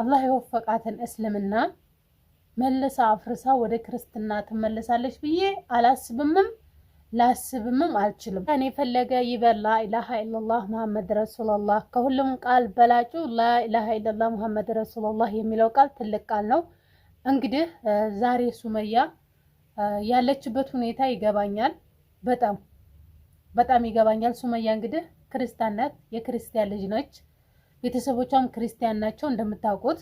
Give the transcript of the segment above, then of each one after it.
አላህ የወፈቃትን እስልምና መልሳ አፍርሳ ወደ ክርስትና ትመለሳለች ብዬ አላስብምም ላስብምም አልችልም። ከኔ የፈለገ ይበል ላኢላሃ ኢለላህ ሙሐመድ ረሱሉላህ። ከሁሉም ቃል በላጩ ላኢላሃ ኢለላህ ሙሐመድ ረሱሉላህ የሚለው ቃል ትልቅ ቃል ነው። እንግዲህ ዛሬ ሱመያ ያለችበት ሁኔታ ይገባኛል፣ በጣም በጣም ይገባኛል። ሱመያ እንግዲህ ክርስቲያን ናት፣ የክርስቲያን ልጅ ነች። ቤተሰቦቿም ክርስቲያን ናቸው እንደምታውቁት።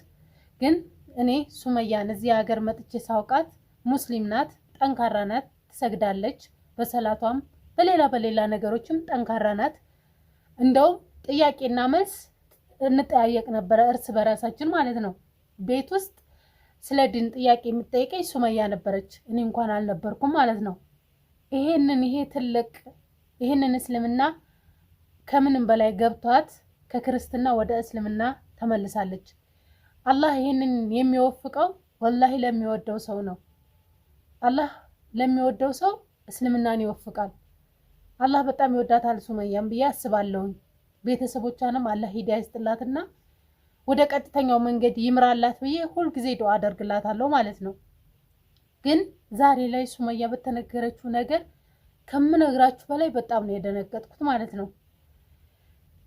ግን እኔ ሱመያን እዚህ ሀገር መጥቼ ሳውቃት ሙስሊም ናት፣ ጠንካራ ናት፣ ትሰግዳለች፣ በሰላቷም በሌላ በሌላ ነገሮችም ጠንካራ ናት። እንደውም ጥያቄና መልስ እንጠያየቅ ነበረ እርስ በራሳችን ማለት ነው። ቤት ውስጥ ስለ ድን ጥያቄ የምጠይቀኝ ሱመያ ነበረች፣ እኔ እንኳን አልነበርኩም ማለት ነው። ይሄንን ይሄ ትልቅ ይህንን እስልምና ከምንም በላይ ገብቷት ከክርስትና ወደ እስልምና ተመልሳለች። አላህ ይህንን የሚወፍቀው ወላሂ ለሚወደው ሰው ነው። አላህ ለሚወደው ሰው እስልምናን ይወፍቃል። አላህ በጣም ይወዳታል ሱመያን ብዬ አስባለሁኝ። ቤተሰቦቿንም አላህ ሂዳያ ይስጥላትና ወደ ቀጥተኛው መንገድ ይምራላት ብዬ ሁልጊዜ ዱዓ አደርግላታለሁ ማለት ነው። ግን ዛሬ ላይ ሱመያ በተነገረችው ነገር ከምነግራችሁ በላይ በጣም ነው የደነገጥኩት ማለት ነው።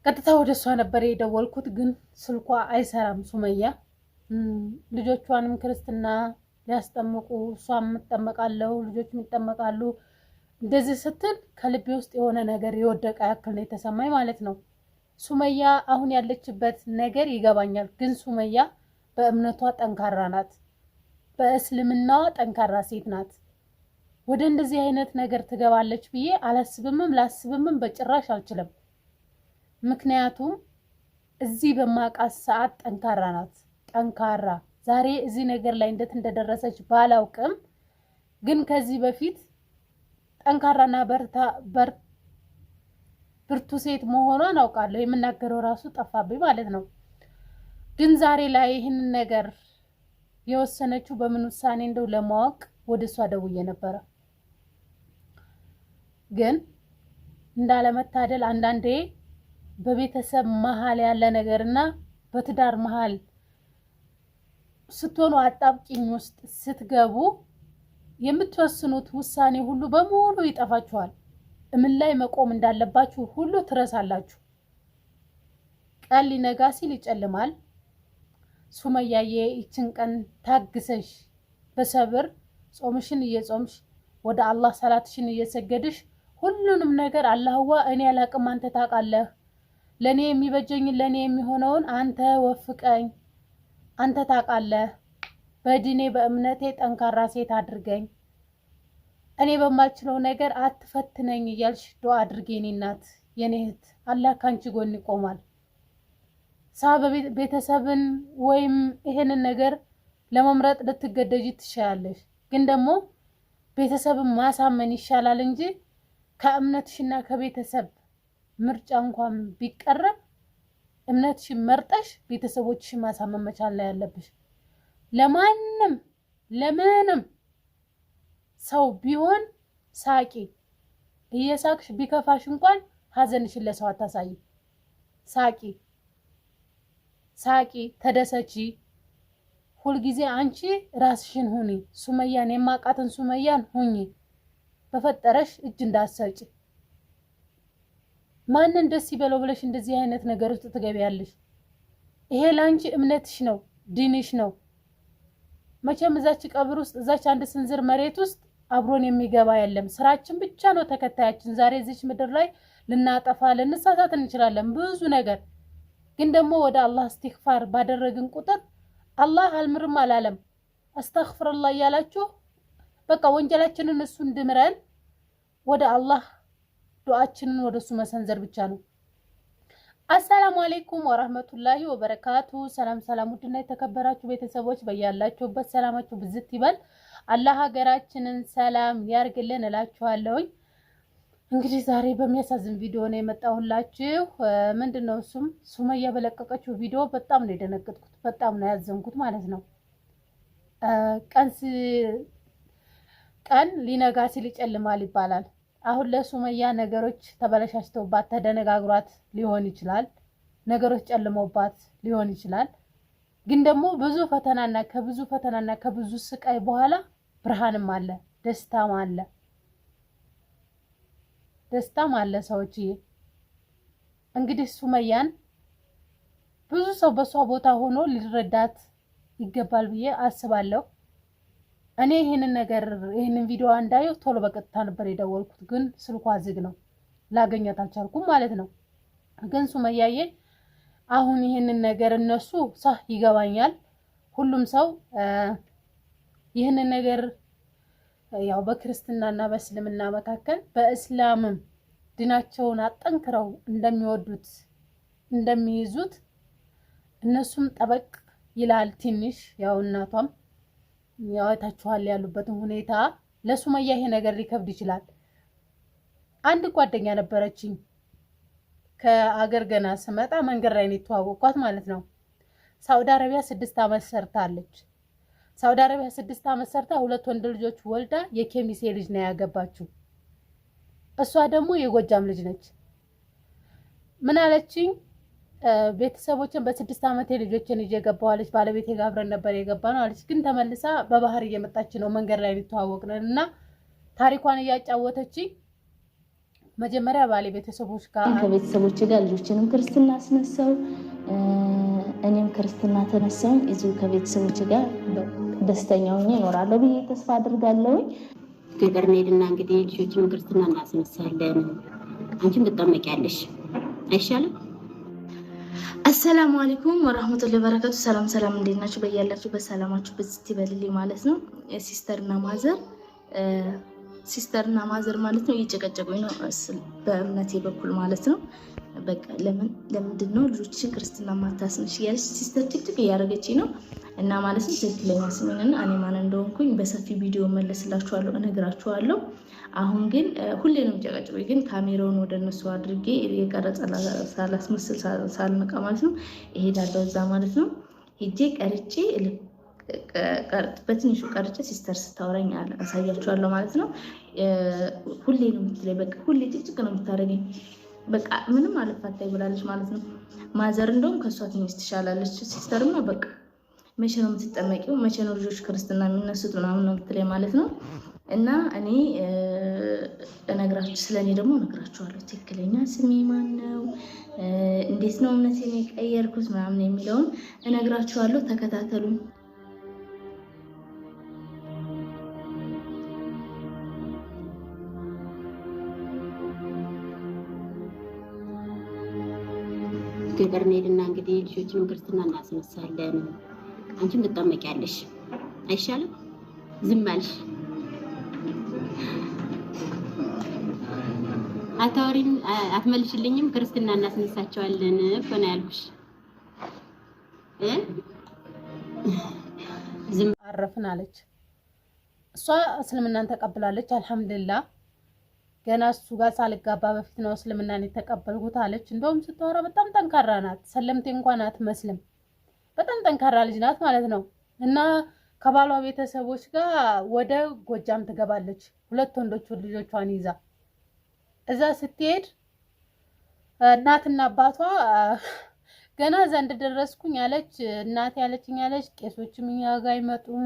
ቀጥታ ወደ እሷ ነበር የደወልኩት፣ ግን ስልኳ አይሰራም። ሱመያ ልጆቿንም ክርስትና ሊያስጠምቁ እሷም እጠመቃለሁ፣ ልጆችም ይጠመቃሉ። እንደዚህ ስትል ከልቤ ውስጥ የሆነ ነገር የወደቀ ያክል ነው የተሰማኝ ማለት ነው። ሱመያ አሁን ያለችበት ነገር ይገባኛል፣ ግን ሱመያ በእምነቷ ጠንካራ ናት፣ በእስልምናዋ ጠንካራ ሴት ናት። ወደ እንደዚህ አይነት ነገር ትገባለች ብዬ አላስብምም፣ ላስብምም በጭራሽ አልችልም። ምክንያቱም እዚህ በማውቃት ሰዓት ጠንካራ ናት። ጠንካራ ዛሬ እዚህ ነገር ላይ እንዴት እንደደረሰች ባላውቅም፣ ግን ከዚህ በፊት ጠንካራና በርታ ብርቱ ሴት መሆኗን አውቃለሁ። የምናገረው ራሱ ጠፋብኝ ማለት ነው። ግን ዛሬ ላይ ይህንን ነገር የወሰነችው በምን ውሳኔ እንደው ለማወቅ ወደ እሷ ደውዬ ነበረ። ግን እንዳለመታደል አንዳንዴ በቤተሰብ መሀል ያለ ነገር እና በትዳር መሀል ስትሆኑ አጣብቂኝ ውስጥ ስትገቡ የምትወስኑት ውሳኔ ሁሉ በሙሉ ይጠፋችኋል። እምን ላይ መቆም እንዳለባችሁ ሁሉ ትረሳላችሁ። ቀን ሊነጋ ሲል ይጨልማል። ሱመያዬ ይችን ቀን ታግሰሽ በሰብር ጾምሽን እየጾምሽ ወደ አላህ ሰላትሽን እየሰገድሽ ሁሉንም ነገር አላህዋ እኔ አላቅም አንተ ታውቃለህ ለእኔ የሚበጀኝ ለእኔ የሚሆነውን አንተ ወፍቀኝ፣ አንተ ታውቃለህ። በድኔ በእምነቴ ጠንካራ ሴት አድርገኝ፣ እኔ በማልችለው ነገር አትፈትነኝ እያልሽ ዱዓ አድርጌ የኔ እናት የኔ እህት፣ አላህ ካንቺ ጎን ይቆማል። ሳ በቤተሰብን ወይም ይሄንን ነገር ለመምረጥ ልትገደጅ ትሻያለሽ፣ ግን ደግሞ ቤተሰብን ማሳመን ይሻላል እንጂ ከእምነትሽና ከቤተሰብ ምርጫ እንኳን ቢቀረብ እምነትሽን መርጠሽ ቤተሰቦችሽን ማሳመን መቻል ላይ ያለብሽ። ለማንም ለምንም ሰው ቢሆን ሳቂ። እየሳቅሽ ቢከፋሽ እንኳን ሀዘንሽን ለሰው አታሳይ። ሳቂ ሳቂ፣ ተደሰቺ። ሁልጊዜ አንቺ ራስሽን ሁኒ። ሱመያን የማቃትን ሱመያን ሁኚ። በፈጠረሽ እጅ እንዳትሰጪ። ማንን ደስ ይበለው ብለሽ እንደዚህ አይነት ነገር ውስጥ ትገቢያለሽ? ይሄ ለአንቺ እምነትሽ ነው፣ ድንሽ ነው። መቼም እዛች ቀብር ውስጥ እዛች አንድ ስንዝር መሬት ውስጥ አብሮን የሚገባ የለም። ስራችን ብቻ ነው ተከታያችን። ዛሬ እዚች ምድር ላይ ልናጠፋ ልንሳሳት እንችላለን ብዙ ነገር፣ ግን ደግሞ ወደ አላህ እስትግፋር ባደረግን ቁጥር አላህ አልምርም አላለም አስተግፍርላ እያላችሁ በቃ ወንጀላችንን እሱ እንድምረን ወደ አላህ ዱዓችንን ወደሱ መሰንዘር ብቻ ነው። አሰላሙ አሌይኩም ወራህመቱላሂ ወበረካቱ። ሰላም ሰላም፣ ውድና የተከበራችሁ ቤተሰቦች በያላችሁበት ሰላማችሁ ብዝት ይበል። አላህ ሀገራችንን ሰላም ያርግልን እላችኋለሁኝ። እንግዲህ ዛሬ በሚያሳዝን ቪዲዮ ነው የመጣሁላችሁ። ምንድን ነው እሱም ሱመያ በለቀቀችው ቪዲዮ በጣም ነው የደነገጥኩት፣ በጣም ነው ያዘንኩት ማለት ነው። ቀን ቀን ሊነጋ ሲል ይጨልማል ይባላል። አሁን ለሱመያ ነገሮች ተበለሻሽተውባት ተደነጋግሯት ሊሆን ይችላል። ነገሮች ጨልመውባት ሊሆን ይችላል። ግን ደግሞ ብዙ ፈተናና ከብዙ ፈተናና ከብዙ ስቃይ በኋላ ብርሃንም አለ፣ ደስታም አለ፣ ደስታም አለ። ሰዎችዬ እንግዲህ ሱመያን ብዙ ሰው በእሷ ቦታ ሆኖ ሊረዳት ይገባል ብዬ አስባለሁ። እኔ ይህንን ነገር ይህንን ቪዲዮ እንዳየሁ ቶሎ በቀጥታ ነበር የደወልኩት፣ ግን ስልኳ ዝግ ነው፣ ላገኛት አልቻልኩም ማለት ነው። ግን ሱመያዬ አሁን ይህንን ነገር እነሱ ሳህ ይገባኛል፣ ሁሉም ሰው ይህንን ነገር ያው በክርስትናና በእስልምና መካከል በእስላምም ድናቸውን አጠንክረው እንደሚወዱት እንደሚይዙት እነሱም ጠበቅ ይላል ትንሽ ያው እናቷም ያታችኋል ያሉበትን ሁኔታ ለሱመያ ይሄ ነገር ሊከብድ ይችላል። አንድ ጓደኛ ነበረችኝ ከአገር ገና ስመጣ መንገድ ላይ ነው የተዋወቅኳት ማለት ነው። ሳውዲ አረቢያ ስድስት ዓመት ሰርታለች። ሳውዲ አረቢያ ስድስት ዓመት ሰርታ ሁለት ወንድ ልጆች ወልዳ የኬሚሴ ልጅ ነው ያገባችው። እሷ ደግሞ የጎጃም ልጅ ነች። ምን አለችኝ? ቤተሰቦችን በስድስት ዓመቴ ልጆችን ይዤ ገባዋለች። ባለቤቴ ጋር አብረን ነበር የገባ ነው አለች። ግን ተመልሳ በባህር እየመጣች ነው። መንገድ ላይ ሊተዋወቅ ነን እና ታሪኳን እያጫወተች መጀመሪያ ባሌ ቤተሰቦች ጋር ከቤተሰቦች ጋር ልጆችንም ክርስትና አስነሳው፣ እኔም ክርስትና ተነሳውኝ። እዚሁ ከቤተሰቦች ጋር ደስተኛ ሆኜ እኖራለሁ ብዬ ተስፋ አድርጋለሁኝ። ገጠር እንሄድና እንግዲህ ልጆችንም ክርስትና እናስነሳለን። አንቺም ትጠመቂያለሽ አይሻልም? አሰላሙ አለይኩም ወራህመቱላሂ ወበረካቱ። ሰላም ሰላም፣ እንዴት ናችሁ? በያላችሁ በሰላማችሁ ብዝት ይበልልኝ ማለት ነው። ሲስተርና ማዘር ሲስተርና ማዘር ማለት ነው እየጨቀጨቁኝ ነው በእምነቴ በኩል ማለት ነው። በቃ ለምን ለምንድን ነው ልጆችን ክርስትና ማታስነሽ እያለች ሲስተር ጭቅጭቅ እያደረገች ነው እና ነው ትክክለኛ ስሜንና እኔ ማን እንደሆንኩኝ በሰፊ ቪዲዮ መለስላችኋለሁ፣ እነግራችኋለሁ። አሁን ግን ሁሌ ነው ጨቀጭቆ፣ ግን ካሜራውን ወደ እነሱ አድርጌ የቀረጸ ሳላስመስል ሳልነቃ ማለት ነው እሄዳለሁ እዛ ማለት ነው ሄጄ ቀርጬ በትንሹ ቀርጬ ሲስተር ስታወራኝ አሳያችኋለሁ ማለት ነው። ሁሌ ነው የምትለኝ፣ በቃ ሁሌ ጭቅጭቅ ነው የምታደርገኝ። በቃ ምንም አለፋታ ይብላለች ማለት ነው። ማዘር እንደውም ከእሷ ትንሽ ትሻላለች። ሲስተርማ በቃ መቼ ነው የምትጠመቂው? መቼ ነው ልጆች ክርስትና የሚነሱት? ምናምን ነው የምትለኝ ማለት ነው። እና እኔ እነግራችሁ ስለ እኔ ደግሞ እነግራችኋለሁ። ትክክለኛ ስሜ ማን ነው? እንዴት ነው እምነቴን የቀየርኩት? ምናምን የሚለውን እነግራችኋለሁ። ተከታተሉ። ገጠር እንሄድና እንግዲህ ልጆችን ክርስትና እናስነሳለን አንቺም ትጠመቂያለሽ። አይሻልም? ዝም አልሽ። አታወሪም፣ አትመልሽልኝም። ክርስትና እናስነሳቸዋለን እኮ ነው ያልኩሽ። ዝም አረፍን አለች። እሷ እስልምናን ተቀብላለች። አልሐምዱሊላህ ገና እሱ ጋር ሳልጋባ በፊት ነው እስልምናን የተቀበልኩት አለች። እንደውም ስትወራ በጣም ጠንካራ ናት። ሰለምቴ እንኳን አትመስልም። በጣም ጠንካራ ልጅ ናት ማለት ነው እና ከባሏ ቤተሰቦች ጋር ወደ ጎጃም ትገባለች። ሁለት ወንዶች ልጆቿን ይዛ እዛ ስትሄድ እናትና አባቷ ገና እዛ እንደደረስኩኝ አለች እናት ያለችኝ አለች። ቄሶችም እኛ ጋ አይመጡም፣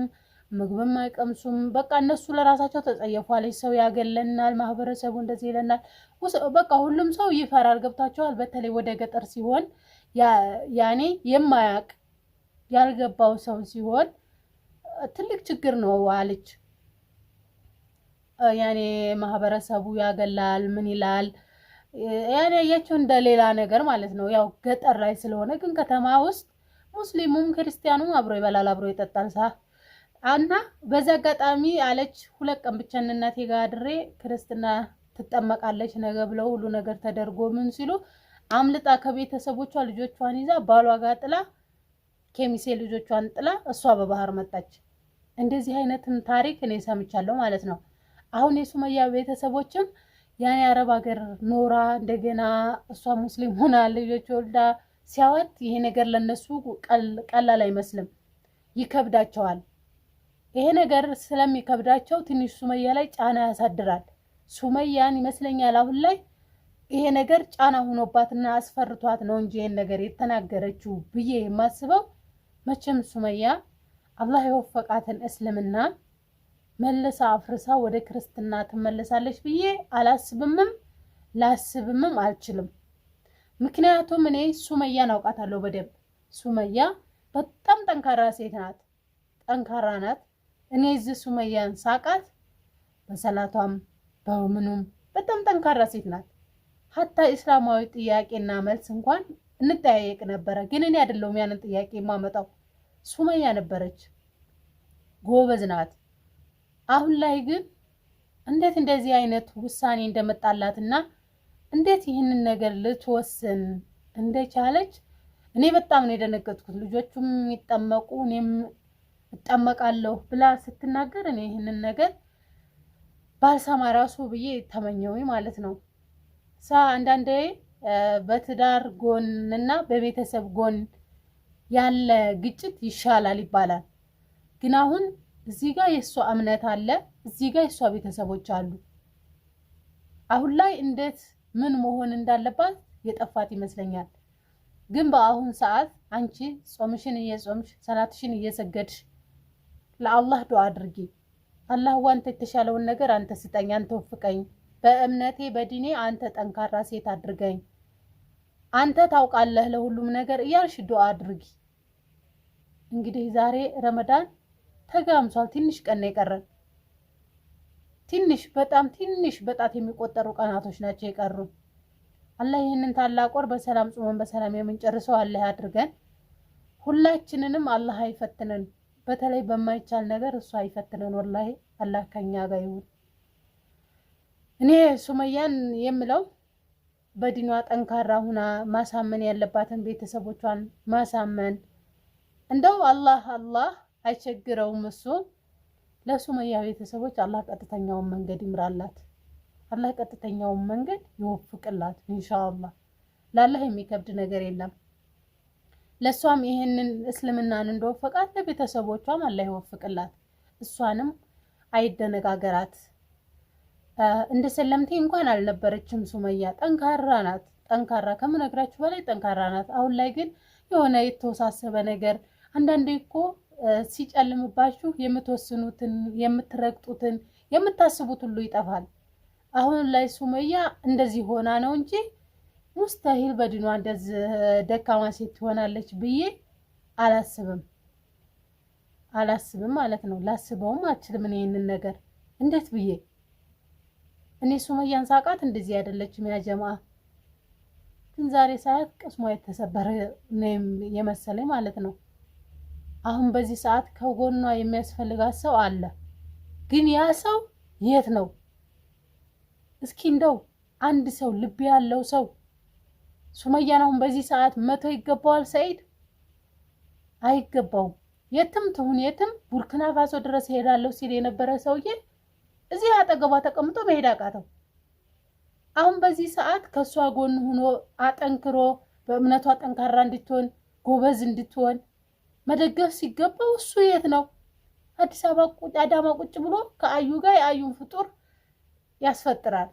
ምግብም አይቀምሱም። በቃ እነሱ ለራሳቸው ተጸየፏለች። ሰው ያገለናል፣ ማህበረሰቡ እንደዚህ ይለናል። በቃ ሁሉም ሰው ይፈራል። ገብታችኋል? በተለይ ወደ ገጠር ሲሆን ያኔ የማያውቅ ያልገባው ሰው ሲሆን ትልቅ ችግር ነው አለች። ያኔ ማህበረሰቡ ያገላል ምን ይላል ያኔ ያየችው እንደ ሌላ ነገር ማለት ነው። ያው ገጠር ላይ ስለሆነ ግን ከተማ ውስጥ ሙስሊሙም ክርስቲያኑም አብሮ ይበላል አብሮ ይጠጣል ሳ እና በዚህ አጋጣሚ አለች ሁለት ቀን ብቻ እናቴ ክርስትና ትጠመቃለች ነገ ብለው ሁሉ ነገር ተደርጎ ምን ሲሉ አምልጣ ከቤተሰቦቿ ልጆቿን ይዛ ባሏ ጋር ጥላ ከሚሴ ልጆቿን ጥላ እሷ በባህር መጣች። እንደዚህ አይነትም ታሪክ እኔ ሰምቻለሁ ማለት ነው። አሁን የሱመያ ቤተሰቦችም ያኔ አረብ ሀገር ኖራ እንደገና እሷ ሙስሊም ሆና ልጆች ወልዳ ሲያዋት ይሄ ነገር ለነሱ ቀላል አይመስልም፣ ይከብዳቸዋል። ይሄ ነገር ስለሚከብዳቸው ትንሽ ሱመያ ላይ ጫና ያሳድራል። ሱመያን ይመስለኛል አሁን ላይ ይሄ ነገር ጫና ሆኖባትና አስፈርቷት ነው እንጂ ይሄን ነገር የተናገረችው ብዬ የማስበው መቼም ሱመያ አላህ የወፈቃትን እስልምና መልሳ አፍርሳ ወደ ክርስትና ትመለሳለች ብዬ አላስብምም ላስብምም አልችልም። ምክንያቱም እኔ ሱመያን አውቃታለሁ በደንብ። ሱመያ በጣም ጠንካራ ሴት ናት፣ ጠንካራ ናት። እኔ እዚህ ሱመያን ሳቃት በሰላቷም በምኑም በጣም ጠንካራ ሴት ናት። ሀታ እስላማዊ ጥያቄና መልስ እንኳን እንጠያየቅ ነበረ። ግን እኔ አይደለሁም ያንን ጥያቄ የማመጣው ሱመያ ነበረች። ጎበዝ ናት። አሁን ላይ ግን እንዴት እንደዚህ አይነት ውሳኔ እንደመጣላትና እንዴት ይህንን ነገር ልትወስን እንደቻለች እኔ በጣም ነው የደነገጥኩት። ልጆቹም የሚጠመቁ እኔም እጠመቃለሁ ብላ ስትናገር እኔ ይህንን ነገር ባልሰማ ራሱ ብዬ ተመኘው ማለት ነው ሳ አንዳንዴ በትዳር ጎንና በቤተሰብ ጎን ያለ ግጭት ይሻላል ይባላል። ግን አሁን እዚህ ጋር የእሷ እምነት አለ፣ እዚህ ጋር የእሷ ቤተሰቦች አሉ። አሁን ላይ እንዴት ምን መሆን እንዳለባት የጠፋት ይመስለኛል። ግን በአሁን ሰዓት አንቺ ጾምሽን እየጾምሽ ሰላትሽን እየሰገድሽ ለአላህ ዱዓ አድርጊ። አላህ ዋንተ የተሻለውን ነገር አንተ ስጠኝ፣ አንተ ወፍቀኝ በእምነቴ በዲኔ አንተ ጠንካራ ሴት አድርገኝ፣ አንተ ታውቃለህ ለሁሉም ነገር እያልሽ ዱአ አድርጊ። እንግዲህ ዛሬ ረመዳን ተጋምሷል። ትንሽ ቀን ነው የቀረን። ትንሽ በጣም ትንሽ በጣት የሚቆጠሩ ቀናቶች ናቸው የቀሩ አላህ ይህንን ታላቅ ወር በሰላም ጾመን በሰላም የምንጨርሰው አላህ አድርገን። ሁላችንንም አላህ አይፈትነን። በተለይ በማይቻል ነገር እሱ አይፈትነን። ወላሂ አላህ ከኛ ጋር ይሁን። እኔ ሱመያን የምለው በዲኗ ጠንካራ ሁና ማሳመን ያለባትን ቤተሰቦቿን ማሳመን እንደው አላህ አላህ አይቸግረውም። እሱ ለሱመያ ቤተሰቦች አላህ ቀጥተኛውን መንገድ ይምራላት፣ አላህ ቀጥተኛውን መንገድ ይወፍቅላት። ኢንሻአላህ ላላህ የሚከብድ ነገር የለም። ለእሷም ይሄንን እስልምናን እንደወፈቃት ለቤተሰቦቿም አላህ ይወፍቅላት። እሷንም አይደነጋገራት። እንደ ሰለምቴ እንኳን አልነበረችም። ሱመያ ጠንካራ ናት። ጠንካራ ከምነግራችሁ በላይ ጠንካራ ናት። አሁን ላይ ግን የሆነ የተወሳሰበ ነገር አንዳንዴ እኮ ሲጨልምባችሁ የምትወስኑትን የምትረግጡትን የምታስቡት ሁሉ ይጠፋል። አሁን ላይ ሱመያ እንደዚህ ሆና ነው እንጂ ሙስተሂል በድኗ እንደዚህ ደካማ ሴት ትሆናለች ብዬ አላስብም አላስብም ማለት ነው። ላስበውም አልችልም። ይህንን ነገር እንዴት ብዬ እኔ ሱመያን ሳቃት እንደዚህ አይደለችም። ያጀማ ግን ዛሬ ሰዓት ቅስሟ የተሰበረ የመሰለኝ ማለት ነው። አሁን በዚህ ሰዓት ከጎኗ የሚያስፈልጋት ሰው አለ። ግን ያ ሰው የት ነው? እስኪ እንደው አንድ ሰው ልብ ያለው ሰው ሱመያን አሁን በዚህ ሰዓት መቶ ይገባዋል? ሰይድ አይገባውም። የትም ትሁን የትም ቡርኪና ፋሶ ድረስ እሄዳለሁ ሲል የነበረ ሰውዬ እዚህ አጠገቧ ተቀምጦ መሄድ አቃተው። አሁን በዚህ ሰዓት ከእሷ ጎን ሆኖ አጠንክሮ በእምነቷ ጠንካራ እንድትሆን ጎበዝ እንድትሆን መደገፍ ሲገባው እሱ የት ነው? አዲስ አበባ አዳማ ቁጭ ብሎ ከአዩ ጋር የአዩን ፍጡር ያስፈጥራል።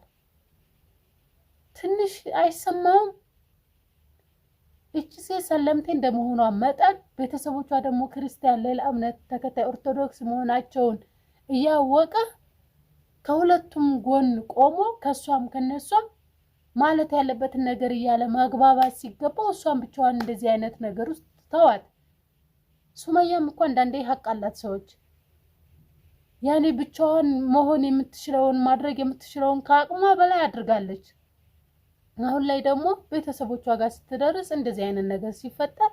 ትንሽ አይሰማውም? ይቺ ሴት ሰለምቴ እንደመሆኗ መጠን ቤተሰቦቿ ደግሞ ክርስቲያን ሌላ እምነት ተከታይ ኦርቶዶክስ መሆናቸውን እያወቀ ከሁለቱም ጎን ቆሞ ከእሷም ከነሷም ማለት ያለበትን ነገር እያለ ማግባባት ሲገባው እሷን ብቻዋን እንደዚህ አይነት ነገር ውስጥ ተዋት። ሱመያም እኮ አንዳንዴ ሀቅ አላት። ሰዎች ያኔ ብቻዋን መሆን የምትችለውን ማድረግ የምትችለውን ከአቅሟ በላይ አድርጋለች። አሁን ላይ ደግሞ ቤተሰቦቿ ጋር ስትደርስ እንደዚህ አይነት ነገር ሲፈጠር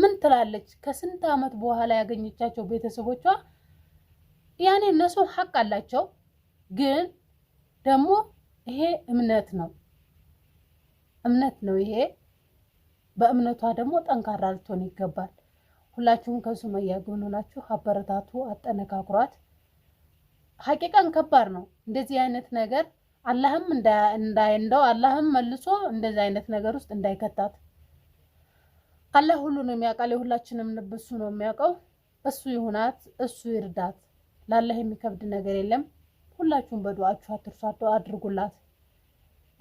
ምን ትላለች? ከስንት ዓመት በኋላ ያገኘቻቸው ቤተሰቦቿ ያኔ እነሱ ሀቅ አላቸው። ግን ደግሞ ይሄ እምነት ነው እምነት ነው ይሄ። በእምነቷ ደግሞ ጠንካራ ልትሆን ይገባል። ሁላችሁም ከሱመያ ጎን ሆናችሁ አበረታቱ፣ አጠነካክሯት። ሀቂቃን ከባድ ነው እንደዚህ አይነት ነገር አላህም እንዳይንደው አላህም መልሶ እንደዚህ አይነት ነገር ውስጥ እንዳይከታት አላህ ሁሉ ነው የሚያውቃል። የሁላችንም ልብ እሱ ነው የሚያውቀው። እሱ ይሁናት፣ እሱ ይርዳት። ላለህ የሚከብድ ነገር የለም። ሁላችሁም በዱዓችሁ አትርሷት። ዱዓ አድርጉላት።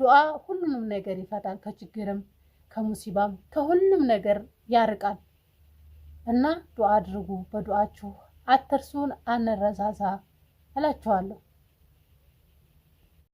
ዱዓ ሁሉንም ነገር ይፈታል። ከችግርም ከሙሲባም ከሁሉም ነገር ያርቃል እና ዱዓ አድርጉ። በዱዓችሁ አትርሱን። አንረዛዛ እላችኋለሁ።